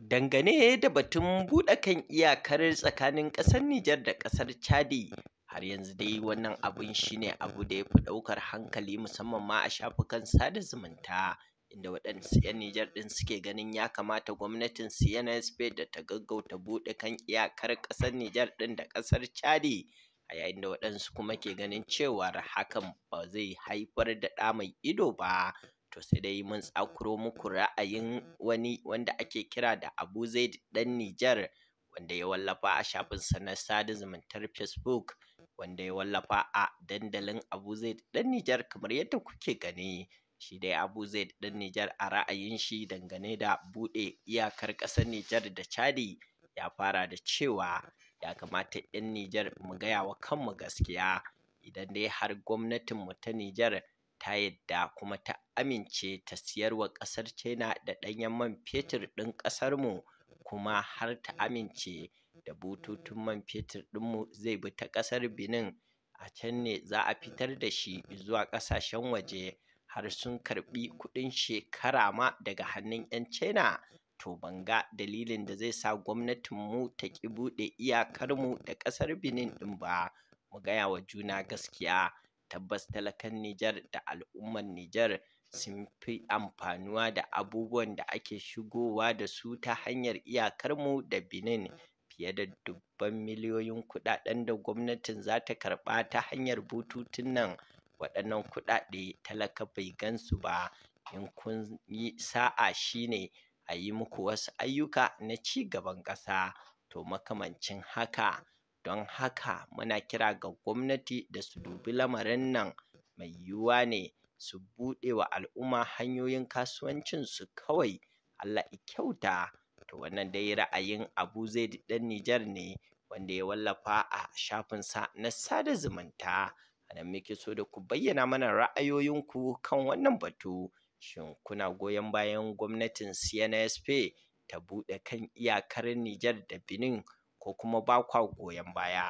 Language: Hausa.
Dangane da batun buɗe kan iyakar tsakanin ƙasar Nijar da ƙasar Chadi, har yanzu dai wannan abun shi ne abu da ya fi ɗaukar hankali musamman ma a shafukan sada zumunta, inda waɗansu 'yan Nijar ɗin suke ganin ya kamata gwamnatin CNSP da ta gaggauta buɗe kan iyakar ƙasar Nijar ɗin da ƙasar Chadi, a yayin da waɗansu kuma ke ganin cewar hakan ba zai haifar da ɗa mai ido ba. to sai dai mun tsakuro muku ra'ayin wani wanda ake kira da Abu Zaid ɗan Nijar wanda ya wallafa a shafinsa na sada zumuntar Facebook wanda ya wallafa a dandalin Abu Zaid ɗan Nijar kamar yadda kuke gani shi dai Abu Zaid ɗan Nijar a ra'ayin shi dangane da buɗe iyakar ƙasar Nijar da Chadi ya fara da cewa ya kamata 'yan Nijar mu gaya wa kanmu gaskiya idan dai har gwamnatinmu ta Nijar ta yadda kuma ta amince ta siyar wa ƙasar China da ɗanyen man fetur ɗin ƙasar mu kuma har ta amince da bututun man fetur ɗinmu zai bi ta ƙasar Benin a can ne za a fitar da shi zuwa ƙasashen waje har sun karɓi kuɗin shekara ma daga hannun 'yan China to ban ga dalilin da zai sa gwamnatinmu ta ƙi buɗe iyakarmu da ƙasar Benin ɗin ba mu gaya wa juna gaskiya tabbas talakan Nijar da al'umman Nijar sun fi amfanuwa da abubuwan da ake shigowa da su ta hanyar iyakarmu da Benin fiye da dubban miliyoyin kuɗaɗen da gwamnatin za ta karɓa ta hanyar bututun nan waɗannan kuɗaɗe talaka bai gansu ba in kun yi sa'a shine a yi muku wasu ayyuka na ci gaban ƙasa to makamancin haka don haka muna kira ga gwamnati da su dubi lamarin nan mai yiwuwa ne su buɗe wa al'umma hanyoyin kasuwancin su kawai Allah i kyauta to wannan dai ra'ayin Abu Zaid ɗan Nijar ne wanda ya wallafa a shafinsa na sada zumunta a muke so da ku bayyana mana ra'ayoyinku kan wannan batu shin kuna goyon bayan gwamnatin CNSP ta buɗe kan iyakar Nijar da Benin ko kuma ba kwa goyon baya